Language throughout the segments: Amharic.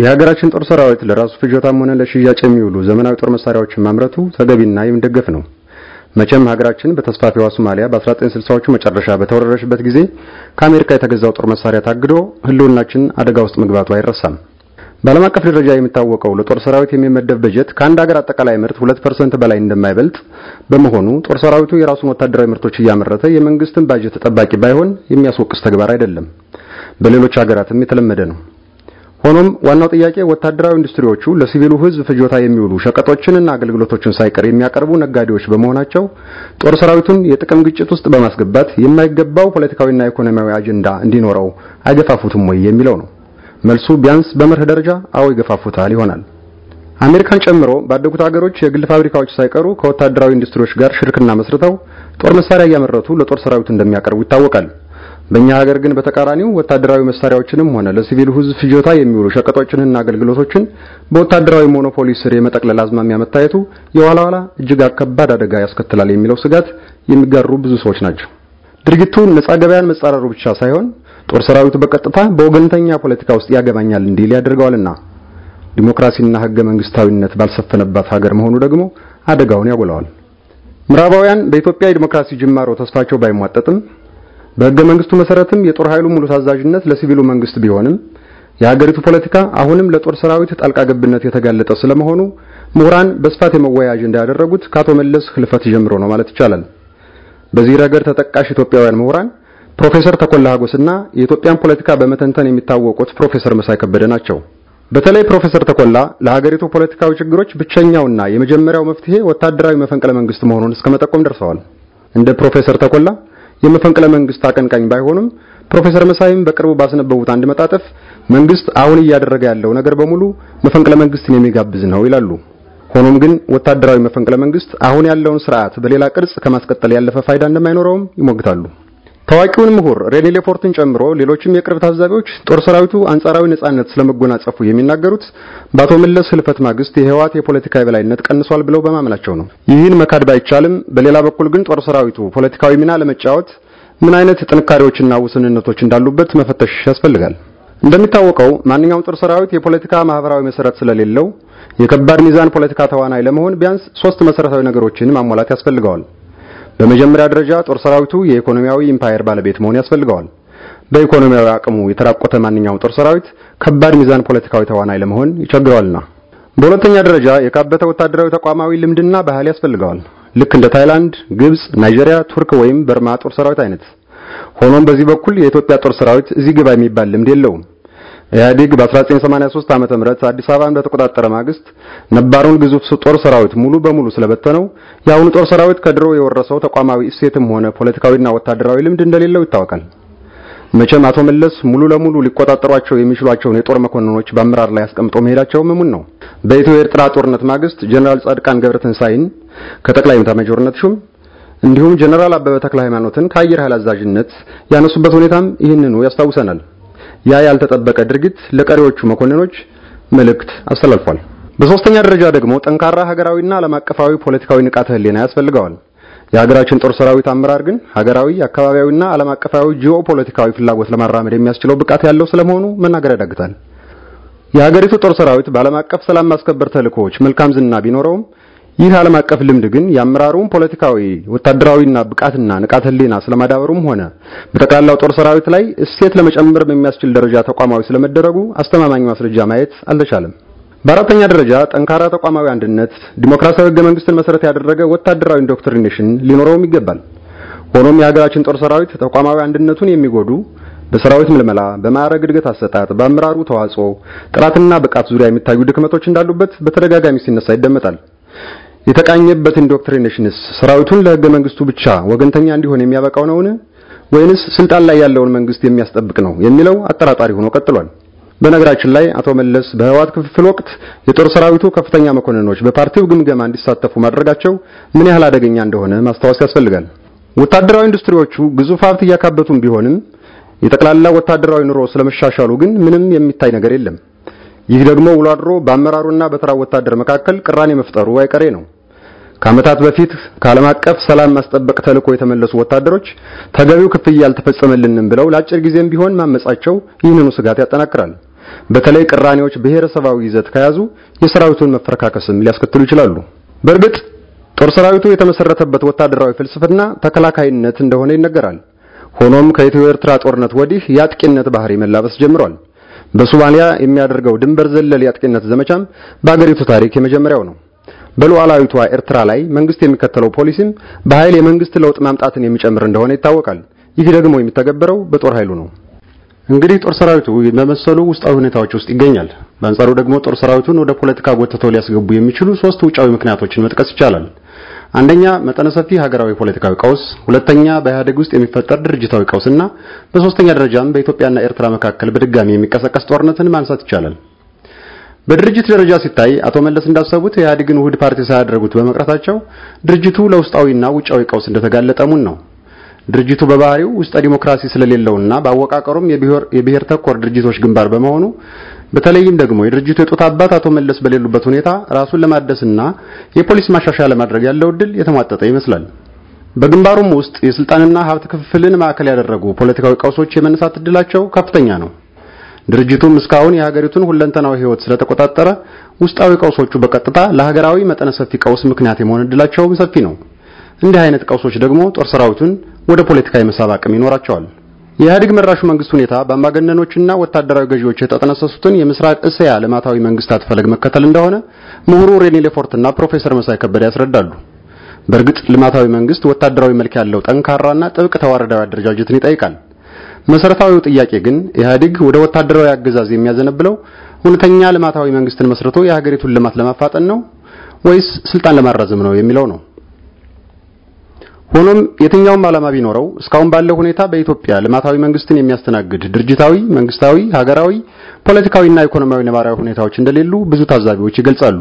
የሀገራችን ጦር ሰራዊት ለራሱ ፍጆታም ሆነ ለሽያጭ የሚውሉ ዘመናዊ ጦር መሳሪያዎችን ማምረቱ ተገቢና የሚደገፍ ነው። መቼም ሀገራችን በተስፋፊዋ ሶማሊያ በ1960ዎቹ መጨረሻ በተወረረችበት ጊዜ ከአሜሪካ የተገዛው ጦር መሳሪያ ታግዶ ሕልውናችን አደጋ ውስጥ መግባቱ አይረሳም። በዓለም አቀፍ ደረጃ የሚታወቀው ለጦር ሰራዊት የሚመደብ በጀት ከአንድ ሀገር አጠቃላይ ምርት ሁለት ፐርሰንት በላይ እንደማይበልጥ በመሆኑ ጦር ሰራዊቱ የራሱን ወታደራዊ ምርቶች እያመረተ የመንግስትን ባጀት ተጠባቂ ባይሆን የሚያስወቅስ ተግባር አይደለም። በሌሎች ሀገራትም የተለመደ ነው። ሆኖም ዋናው ጥያቄ ወታደራዊ ኢንዱስትሪዎቹ ለሲቪሉ ሕዝብ ፍጆታ የሚውሉ ሸቀጦችንና አገልግሎቶችን ሳይቀር የሚያቀርቡ ነጋዴዎች በመሆናቸው ጦር ሰራዊቱን የጥቅም ግጭት ውስጥ በማስገባት የማይገባው ፖለቲካዊና ኢኮኖሚያዊ አጀንዳ እንዲኖረው አይገፋፉትም ወይ የሚለው ነው። መልሱ ቢያንስ በመርህ ደረጃ አዎ ይገፋፉታል ይሆናል። አሜሪካን ጨምሮ ባደጉት አገሮች የግል ፋብሪካዎች ሳይቀሩ ከወታደራዊ ኢንዱስትሪዎች ጋር ሽርክና መስርተው ጦር መሳሪያ እያመረቱ ለጦር ሰራዊቱ እንደሚያቀርቡ ይታወቃል። በእኛ ሀገር ግን በተቃራኒው ወታደራዊ መሳሪያዎችንም ሆነ ለሲቪል ህዝብ ፍጆታ የሚውሉ ሸቀጦችንና አገልግሎቶችን በወታደራዊ ሞኖፖሊ ስር የመጠቅለል አዝማሚያ መታየቱ የኋላ ኋላ እጅግ ከባድ አደጋ ያስከትላል የሚለው ስጋት የሚጋሩ ብዙ ሰዎች ናቸው። ድርጊቱ ነጻ ገበያን መጻረሩ ብቻ ሳይሆን ጦር ሰራዊቱ በቀጥታ በወገንተኛ ፖለቲካ ውስጥ ያገባኛል እንዲል ያደርገዋልና ዲሞክራሲና ህገ መንግስታዊነት ባልሰፈነባት ሀገር መሆኑ ደግሞ አደጋውን ያጎላዋል። ምዕራባውያን በኢትዮጵያ የዲሞክራሲ ጅማሮ ተስፋቸው ባይሟጠጥም በህገ መንግስቱ መሰረትም የጦር ኃይሉ ሙሉ ታዛዥነት ለሲቪሉ መንግስት ቢሆንም የሀገሪቱ ፖለቲካ አሁንም ለጦር ሰራዊት ጣልቃ ገብነት የተጋለጠ ስለመሆኑ ምሁራን በስፋት የመወያያ አጀንዳ ያደረጉት ከአቶ መለስ ህልፈት ጀምሮ ነው ማለት ይቻላል። በዚህ ረገድ ተጠቃሽ ኢትዮጵያውያን ምሁራን ፕሮፌሰር ተኮላ ሀጎስና የኢትዮጵያን ፖለቲካ በመተንተን የሚታወቁት ፕሮፌሰር መሳይ ከበደ ናቸው። በተለይ ፕሮፌሰር ተኮላ ለሀገሪቱ ፖለቲካዊ ችግሮች ብቸኛውና የመጀመሪያው መፍትሄ ወታደራዊ መፈንቅለ መንግስት መሆኑን እስከመጠቆም ደርሰዋል። እንደ ፕሮፌሰር ተኮላ የመፈንቅለ መንግስት አቀንቃኝ ባይሆንም ፕሮፌሰር መሳይም በቅርቡ ባስነበቡት አንድ መጣጥፍ መንግስት አሁን እያደረገ ያለው ነገር በሙሉ መፈንቅለ መንግስትን የሚጋብዝ ነው ይላሉ። ሆኖም ግን ወታደራዊ መፈንቅለ መንግስት አሁን ያለውን ስርዓት በሌላ ቅርጽ ከማስቀጠል ያለፈ ፋይዳ እንደማይኖረውም ይሞግታሉ። ታዋቂውን ምሁር ሬኔ ሌፎርትን ጨምሮ ሌሎችም የቅርብ ታዛቢዎች ጦር ሰራዊቱ አንጻራዊ ነጻነት ስለመጎናጸፉ የሚናገሩት በአቶ መለስ ህልፈት ማግስት የህወሓት የፖለቲካ የበላይነት ቀንሷል ብለው በማመናቸው ነው። ይህን መካድ ባይቻልም፣ በሌላ በኩል ግን ጦር ሰራዊቱ ፖለቲካዊ ሚና ለመጫወት ምን አይነት ጥንካሬዎችና ውስንነቶች እንዳሉበት መፈተሽ ያስፈልጋል። እንደሚታወቀው ማንኛውም ጦር ሰራዊት የፖለቲካ ማህበራዊ መሰረት ስለሌለው የከባድ ሚዛን ፖለቲካ ተዋናይ ለመሆን ቢያንስ ሶስት መሰረታዊ ነገሮችን ማሟላት ያስፈልገዋል። በመጀመሪያ ደረጃ ጦር ሰራዊቱ የኢኮኖሚያዊ ኢምፓየር ባለቤት መሆን ያስፈልገዋል። በኢኮኖሚያዊ አቅሙ የተራቆተ ማንኛውም ጦር ሰራዊት ከባድ ሚዛን ፖለቲካዊ ተዋናይ ለመሆን ይቸግረዋልና። በሁለተኛ ደረጃ የካበተ ወታደራዊ ተቋማዊ ልምድና ባህል ያስፈልገዋል። ልክ እንደ ታይላንድ፣ ግብጽ፣ ናይጄሪያ፣ ቱርክ ወይም በርማ ጦር ሰራዊት አይነት። ሆኖም በዚህ በኩል የኢትዮጵያ ጦር ሰራዊት እዚህ ግባ የሚባል ልምድ የለውም። ኢህአዴግ በ1983 ዓመተ ምህረት አዲስ አበባን በተቆጣጠረ ማግስት ነባሩን ግዙፍ ጦር ሰራዊት ሙሉ በሙሉ ስለበተነው የአሁኑ ጦር ሰራዊት ከድሮ የወረሰው ተቋማዊ እሴትም ሆነ ፖለቲካዊና ወታደራዊ ልምድ እንደሌለው ይታወቃል። መቼም አቶ መለስ ሙሉ ለሙሉ ሊቆጣጠሯቸው የሚችሏቸውን የጦር መኮንኖች በአመራር ላይ አስቀምጦ መሄዳቸው ምሙን ነው። በኢትዮ ኤርትራ ጦርነት ማግስት ጀነራል ጻድቃን ገብረትንሳይን ከጠቅላይ ኤታማዦርነት ሹም እንዲሁም ጀነራል አበበ ተክለ ሃይማኖትን ከአየር ኃይል አዛዥነት ያነሱበት ሁኔታም ይህንኑ ያስታውሰናል። ያ ያልተጠበቀ ድርጊት ለቀሪዎቹ መኮንኖች መልእክት አስተላልፏል። በሶስተኛ ደረጃ ደግሞ ጠንካራ ሀገራዊና ዓለም አቀፋዊ ፖለቲካዊ ንቃተ ህሊና ያስፈልገዋል። የሀገራችን ጦር ሰራዊት አመራር ግን ሀገራዊ፣ አካባቢያዊና ዓለም አቀፋዊ ጂኦፖለቲካዊ ፍላጎት ለማራመድ የሚያስችለው ብቃት ያለው ስለመሆኑ መናገር ያዳግታል። የሀገሪቱ ጦር ሰራዊት በዓለም አቀፍ ሰላም ማስከበር ተልእኮዎች መልካም ዝና ቢኖረውም ይህ ዓለም አቀፍ ልምድ ግን የአመራሩን ፖለቲካዊ ወታደራዊና ብቃትና ንቃተ ህሊና ስለማዳበሩም ሆነ በጠቅላላው ጦር ሰራዊት ላይ እሴት ለመጨመር በሚያስችል ደረጃ ተቋማዊ ስለመደረጉ አስተማማኝ ማስረጃ ማየት አልተቻለም። በአራተኛ ደረጃ ጠንካራ ተቋማዊ አንድነት፣ ዲሞክራሲያዊ ህገ መንግስትን መሰረት ያደረገ ወታደራዊ ኢንዶክትሪኔሽን ሊኖረውም ይገባል። ሆኖም የሀገራችን ጦር ሰራዊት ተቋማዊ አንድነቱን የሚጎዱ በሰራዊት ምልመላ፣ በማዕረግ እድገት አሰጣጥ፣ በአመራሩ ተዋጽኦ፣ ጥራትና ብቃት ዙሪያ የሚታዩ ድክመቶች እንዳሉበት በተደጋጋሚ ሲነሳ ይደመጣል። የተቃኘበትን ዶክትሪኔሽንስ ሰራዊቱን ለህገ መንግስቱ ብቻ ወገንተኛ እንዲሆን የሚያበቃው ነውን ወይንስ ስልጣን ላይ ያለውን መንግስት የሚያስጠብቅ ነው የሚለው አጠራጣሪ ሆኖ ቀጥሏል። በነገራችን ላይ አቶ መለስ በህዋት ክፍፍል ወቅት የጦር ሰራዊቱ ከፍተኛ መኮንኖች በፓርቲው ግምገማ እንዲሳተፉ ማድረጋቸው ምን ያህል አደገኛ እንደሆነ ማስታወስ ያስፈልጋል። ወታደራዊ ኢንዱስትሪዎቹ ግዙፍ ሀብት እያካበቱም ቢሆንም የጠቅላላ ወታደራዊ ኑሮ ስለመሻሻሉ ግን ምንም የሚታይ ነገር የለም። ይህ ደግሞ ውሎ አድሮ በአመራሩና በተራ ወታደር መካከል ቅራኔ መፍጠሩ አይቀሬ ነው። ከዓመታት በፊት ከዓለም አቀፍ ሰላም ማስጠበቅ ተልእኮ የተመለሱ ወታደሮች ተገቢው ክፍያ አልተፈጸመልንም ብለው ለአጭር ጊዜም ቢሆን ማመጻቸው ይህንኑ ስጋት ያጠናክራል። በተለይ ቅራኔዎች ብሔረሰባዊ ይዘት ከያዙ የሰራዊቱን መፈረካከስም ሊያስከትሉ ይችላሉ። በእርግጥ ጦር ሰራዊቱ የተመሰረተበት ወታደራዊ ፍልስፍና ተከላካይነት እንደሆነ ይነገራል። ሆኖም ከኢትዮ ኤርትራ ጦርነት ወዲህ የአጥቂነት ባህሪ መላበስ ጀምሯል። በሶማሊያ የሚያደርገው ድንበር ዘለል የአጥቂነት ዘመቻም በአገሪቱ ታሪክ የመጀመሪያው ነው። በሉዓላዊቷ ኤርትራ ላይ መንግስት የሚከተለው ፖሊሲም በኃይል የመንግስት ለውጥ ማምጣትን የሚጨምር እንደሆነ ይታወቃል። ይህ ደግሞ የሚተገበረው በጦር ኃይሉ ነው። እንግዲህ ጦር ሰራዊቱ በመሰሉ ውስጣዊ ሁኔታዎች ውስጥ ይገኛል። በአንጻሩ ደግሞ ጦር ሰራዊቱን ወደ ፖለቲካ ጎትተው ሊያስገቡ የሚችሉ ሶስት ውጫዊ ምክንያቶችን መጥቀስ ይቻላል። አንደኛ መጠነ ሰፊ ሀገራዊ ፖለቲካዊ ቀውስ፣ ሁለተኛ በኢህአዴግ ውስጥ የሚፈጠር ድርጅታዊ ቀውስና በሶስተኛ ደረጃም በኢትዮጵያና ኤርትራ መካከል በድጋሚ የሚቀሰቀስ ጦርነትን ማንሳት ይቻላል። በድርጅት ደረጃ ሲታይ አቶ መለስ እንዳሰቡት ኢህአዴግን ውህድ ፓርቲ ሳያደርጉት በመቅረታቸው ድርጅቱ ለውስጣዊና ውጫዊ ቀውስ እንደተጋለጠሙን ነው። ድርጅቱ በባህሪው ውስጠ ዲሞክራሲ ስለሌለውና በአወቃቀሩም የብሔር ተኮር ድርጅቶች ግንባር በመሆኑ በተለይም ደግሞ የድርጅቱ የጡት አባት አቶ መለስ በሌሉበት ሁኔታ ራሱን ለማደስና የፖሊስ ማሻሻያ ለማድረግ ያለው እድል የተሟጠጠ ይመስላል። በግንባሩም ውስጥ የስልጣንና ሀብት ክፍፍልን ማዕከል ያደረጉ ፖለቲካዊ ቀውሶች የመነሳት እድላቸው ከፍተኛ ነው። ድርጅቱም እስካሁን የሀገሪቱን ሁለንተናዊ ህይወት ስለተቆጣጠረ ውስጣዊ ቀውሶቹ በቀጥታ ለሀገራዊ መጠነ ሰፊ ቀውስ ምክንያት የመሆን እድላቸውም ሰፊ ነው። እንዲህ አይነት ቀውሶች ደግሞ ጦር ሰራዊቱን ወደ ፖለቲካ የመሳብ አቅም ይኖራቸዋል። የኢህአዴግ መራሹ መንግስት ሁኔታ በአምባገነኖችና ወታደራዊ ገዢዎች የተጠነሰሱትን የምስራቅ እስያ ልማታዊ መንግስታት ፈለግ መከተል እንደሆነ ምሁሩ ሬኒ ሌፎርትና ፕሮፌሰር መሳይ ከበደ ያስረዳሉ። በእርግጥ ልማታዊ መንግስት ወታደራዊ መልክ ያለው ጠንካራና ጥብቅ ተዋረዳዊ አደረጃጀትን ይጠይቃል። መሰረታዊው ጥያቄ ግን ኢህአዴግ ወደ ወታደራዊ አገዛዝ የሚያዘነብለው እውነተኛ ልማታዊ መንግስትን መስርቶ የሀገሪቱን ልማት ለማፋጠን ነው ወይስ ስልጣን ለማራዘም ነው የሚለው ነው። ሆኖም የትኛውም ዓላማ ቢኖረው እስካሁን ባለው ሁኔታ በኢትዮጵያ ልማታዊ መንግስትን የሚያስተናግድ ድርጅታዊ፣ መንግስታዊ፣ ሀገራዊ፣ ፖለቲካዊና ኢኮኖሚያዊ ነባራዊ ሁኔታዎች እንደሌሉ ብዙ ታዛቢዎች ይገልጻሉ።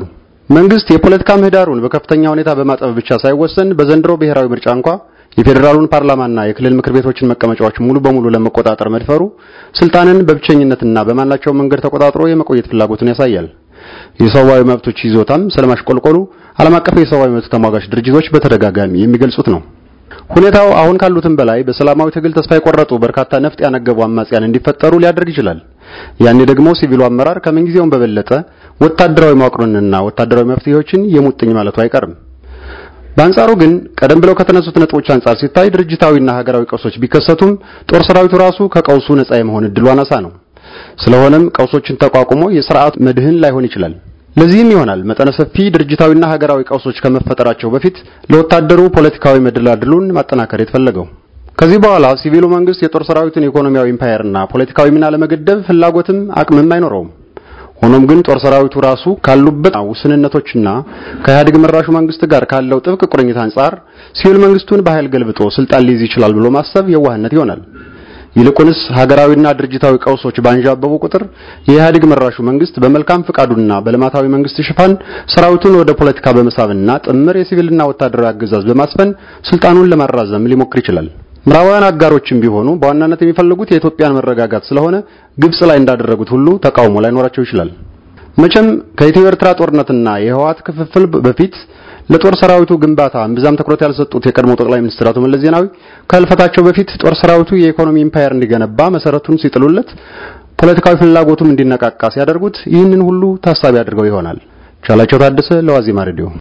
መንግስት የፖለቲካ ምህዳሩን በከፍተኛ ሁኔታ በማጠብ ብቻ ሳይወሰን በዘንድሮ ብሔራዊ ምርጫ እንኳ የፌዴራሉን ፓርላማና የክልል ምክር ቤቶችን መቀመጫዎች ሙሉ በሙሉ ለመቆጣጠር መድፈሩ ስልጣንን በብቸኝነትና በማናቸው መንገድ ተቆጣጥሮ የመቆየት ፍላጎትን ያሳያል። የሰብአዊ መብቶች ይዞታም ስለማሽቆልቆሉ ዓለም አቀፍ የሰብአዊ መብት ተሟጋች ድርጅቶች በተደጋጋሚ የሚገልጹት ነው። ሁኔታው አሁን ካሉትም በላይ በሰላማዊ ትግል ተስፋ የቆረጡ በርካታ ነፍጥ ያነገቡ አማጽያን እንዲፈጠሩ ሊያደርግ ይችላል። ያኔ ደግሞ ሲቪሉ አመራር ከምንጊዜውም በበለጠ ወታደራዊ መዋቅሩንና ወታደራዊ መፍትሄዎችን የሙጥኝ ማለቱ አይቀርም። በአንጻሩ ግን ቀደም ብለው ከተነሱት ነጥቦች አንጻር ሲታይ ድርጅታዊና ሀገራዊ ቀውሶች ቢከሰቱም ጦር ሰራዊቱ ራሱ ከቀውሱ ነጻ የመሆን እድሉ አናሳ ነው። ስለሆነም ቀውሶችን ተቋቁሞ የሥርዓት መድህን ላይሆን ይችላል። ለዚህም ይሆናል መጠነ ሰፊ ድርጅታዊና ሀገራዊ ቀውሶች ከመፈጠራቸው በፊት ለወታደሩ ፖለቲካዊ መደላድሉን ማጠናከር የተፈለገው። ከዚህ በኋላ ሲቪሉ መንግስት የጦር ሰራዊቱን ኢኮኖሚያዊ ኢምፓየርና ፖለቲካዊ ሚና ለመገደብ ፍላጎትም አቅምም አይኖረውም። ሆኖም ግን ጦር ሰራዊቱ ራሱ ካሉበት ውስንነቶችና ከኢህአዴግ መራሹ መንግስት ጋር ካለው ጥብቅ ቁርኝት አንጻር ሲቪል መንግስቱን በኃይል ገልብጦ ስልጣን ሊይዝ ይችላል ብሎ ማሰብ የዋህነት ይሆናል። ይልቁንስ ሀገራዊና ድርጅታዊ ቀውሶች ባንዣበቡ ቁጥር የኢህአዴግ መራሹ መንግስት በመልካም ፍቃዱና በልማታዊ መንግስት ሽፋን ሰራዊቱን ወደ ፖለቲካ በመሳብና ጥምር የሲቪልና ወታደራዊ አገዛዝ በማስፈን ስልጣኑን ለማራዘም ሊሞክር ይችላል። ምዕራባውያን አጋሮችም ቢሆኑ በዋናነት የሚፈልጉት የኢትዮጵያን መረጋጋት ስለሆነ ግብጽ ላይ እንዳደረጉት ሁሉ ተቃውሞ ላይኖራቸው ይችላል። መቼም ከኢትዮ ኤርትራ ጦርነትና የህወሓት ክፍፍል በፊት ለጦር ሰራዊቱ ግንባታ እምብዛም ትኩረት ያልሰጡት የቀድሞ ጠቅላይ ሚኒስትር አቶ መለስ ዜናዊ ከህልፈታቸው በፊት ጦር ሰራዊቱ የኢኮኖሚ ኢምፓየር እንዲገነባ መሰረቱን ሲጥሉለት፣ ፖለቲካዊ ፍላጎቱም እንዲነቃቃ ሲያደርጉት ይህንን ሁሉ ታሳቢ አድርገው ይሆናል። ቻላቸው ታደሰ ለዋዜማ ሬዲዮ